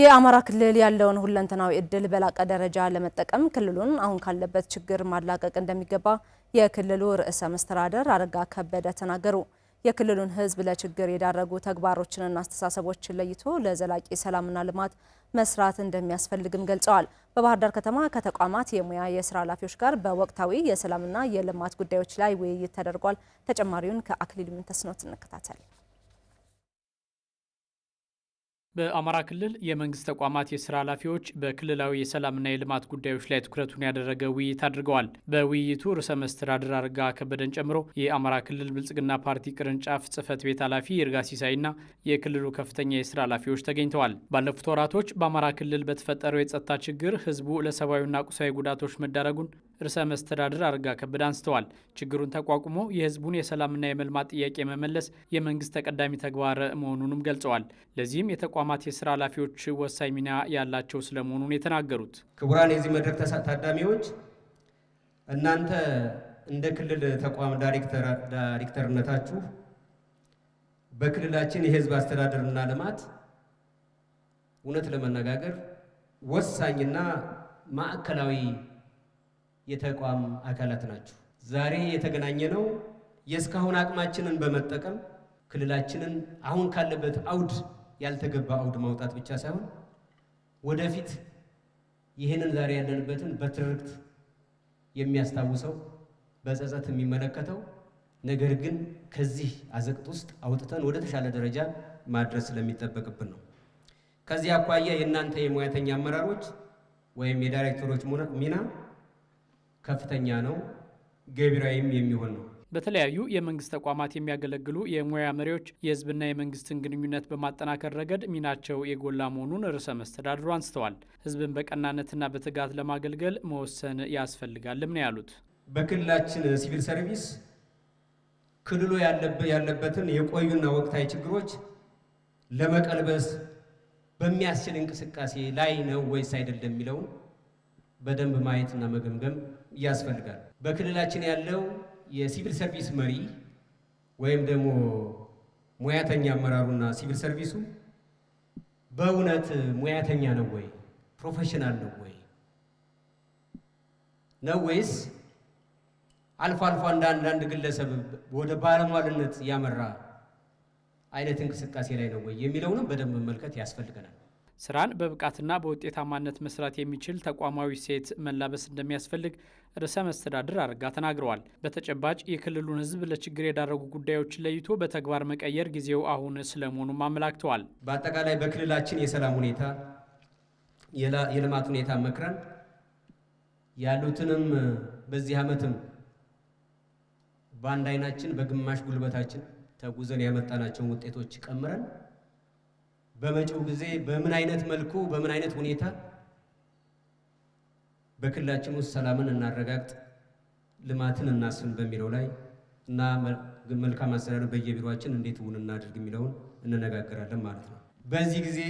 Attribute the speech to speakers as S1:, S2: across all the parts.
S1: የአማራ ክልል ያለውን ሁለንተናዊ እድል በላቀ ደረጃ ለመጠቀም ክልሉን አሁን ካለበት ችግር ማላቀቅ እንደሚገባ የክልሉ ርዕሰ መስተዳደር አረጋ ከበደ ተናገሩ። የክልሉን ሕዝብ ለችግር የዳረጉ ተግባሮችንና አስተሳሰቦችን ለይቶ ለዘላቂ ሰላምና ልማት መስራት እንደሚያስፈልግም ገልጸዋል። በባህር ዳር ከተማ ከተቋማት የሙያ የስራ ኃላፊዎች ጋር በወቅታዊ የሰላምና የልማት ጉዳዮች ላይ ውይይት ተደርጓል። ተጨማሪውን ከአክሊል ምንተስኖት እንከታተል።
S2: በአማራ ክልል የመንግስት ተቋማት የስራ ኃላፊዎች በክልላዊ የሰላምና የልማት ጉዳዮች ላይ ትኩረቱን ያደረገ ውይይት አድርገዋል። በውይይቱ ርዕሰ መስተዳድር አረጋ ከበደን ጨምሮ የአማራ ክልል ብልጽግና ፓርቲ ቅርንጫፍ ጽህፈት ቤት ኃላፊ ይርጋ ሲሳይና የክልሉ ከፍተኛ የስራ ኃላፊዎች ተገኝተዋል። ባለፉት ወራቶች በአማራ ክልል በተፈጠረው የጸጥታ ችግር ህዝቡ ለሰብአዊና ቁሳዊ ጉዳቶች መዳረጉን ርዕሰ መስተዳድር አረጋ ከበደ አንስተዋል። ችግሩን ተቋቁሞ የህዝቡን የሰላምና የመልማት ጥያቄ መመለስ የመንግስት ተቀዳሚ ተግባር መሆኑንም ገልጸዋል። ለዚህም የተቋማት የስራ ኃላፊዎች ወሳኝ ሚና ያላቸው ስለመሆኑን የተናገሩት
S3: ክቡራን የዚህ መድረክ ታዳሚዎች እናንተ እንደ ክልል ተቋም ዳይሬክተርነታችሁ በክልላችን የህዝብ አስተዳደርና ልማት እውነት ለመነጋገር ወሳኝና ማዕከላዊ የተቋም አካላት ናችሁ። ዛሬ የተገናኘ ነው የእስካሁን አቅማችንን በመጠቀም ክልላችንን አሁን ካለበት አውድ ያልተገባ አውድ ማውጣት ብቻ ሳይሆን ወደፊት ይህንን ዛሬ ያለንበትን በትርክት የሚያስታውሰው በጸጸት የሚመለከተው ነገር ግን ከዚህ አዘቅት ውስጥ አውጥተን ወደ ተሻለ ደረጃ ማድረስ ስለሚጠበቅብን ነው። ከዚህ አኳያ የእናንተ የሙያተኛ አመራሮች ወይም የዳይሬክተሮች ሚና ከፍተኛ ነው፣ ገቢራዊም የሚሆን ነው።
S2: በተለያዩ የመንግስት ተቋማት የሚያገለግሉ የሙያ መሪዎች የህዝብና የመንግስትን ግንኙነት በማጠናከር ረገድ ሚናቸው የጎላ መሆኑን ርዕሰ መስተዳድሩ አንስተዋል። ህዝብን በቀናነትና በትጋት ለማገልገል መወሰን ያስፈልጋልም ነው ያሉት።
S3: በክልላችን ሲቪል ሰርቪስ ክልሉ ያለበትን የቆዩና ወቅታዊ ችግሮች ለመቀልበስ በሚያስችል እንቅስቃሴ ላይ ነው ወይስ አይደለም የሚለውን በደንብ ማየትና መገምገም ያስፈልጋል። በክልላችን ያለው የሲቪል ሰርቪስ መሪ ወይም ደግሞ ሙያተኛ አመራሩና ሲቪል ሰርቪሱ በእውነት ሙያተኛ ነው ወይ? ፕሮፌሽናል ነው ወይ? ነው ወይስ አልፎ አልፎ እንደ አንዳንድ ግለሰብ ወደ ባለሟልነት ያመራ አይነት እንቅስቃሴ ላይ ነው ወይ የሚለውንም በደንብ መመልከት ያስፈልገናል።
S2: ስራን በብቃትና በውጤታማነት መስራት የሚችል ተቋማዊ ሴት መላበስ እንደሚያስፈልግ ርዕሰ መስተዳድር አረጋ ተናግረዋል። በተጨባጭ የክልሉን ህዝብ ለችግር የዳረጉ ጉዳዮችን ለይቶ በተግባር መቀየር ጊዜው አሁን ስለመሆኑም አመላክተዋል።
S3: በአጠቃላይ በክልላችን የሰላም ሁኔታ፣ የልማት ሁኔታ መክረን ያሉትንም በዚህ ዓመትም በአንድ አይናችን በግማሽ ጉልበታችን ተጉዘን ያመጣናቸውን ውጤቶች ቀምረን በመጪው ጊዜ በምን አይነት መልኩ በምን አይነት ሁኔታ በክልላችን ውስጥ ሰላምን እናረጋግጥ፣ ልማትን እናስን በሚለው ላይ እና መልካም አስተዳደር በየቢሮችን እንዴት እውን እናድርግ የሚለውን እንነጋገራለን ማለት ነው። በዚህ ጊዜ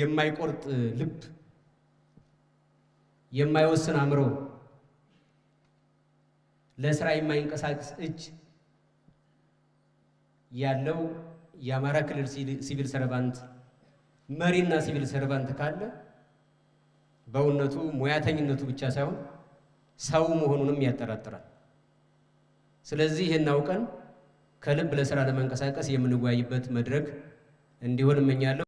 S3: የማይቆርጥ ልብ፣ የማይወስን አእምሮ፣ ለስራ የማይንቀሳቀስ እጅ ያለው የአማራ ክልል ሲቪል ሰርቫንት መሪና ሲቪል ሰርቫንት ካለ በእውነቱ ሙያተኝነቱ ብቻ ሳይሆን ሰው መሆኑንም ያጠራጥራል። ስለዚህ ይህን አውቀን ከልብ ለስራ ለመንቀሳቀስ የምንወያይበት መድረክ እንዲሆን እመኛለሁ።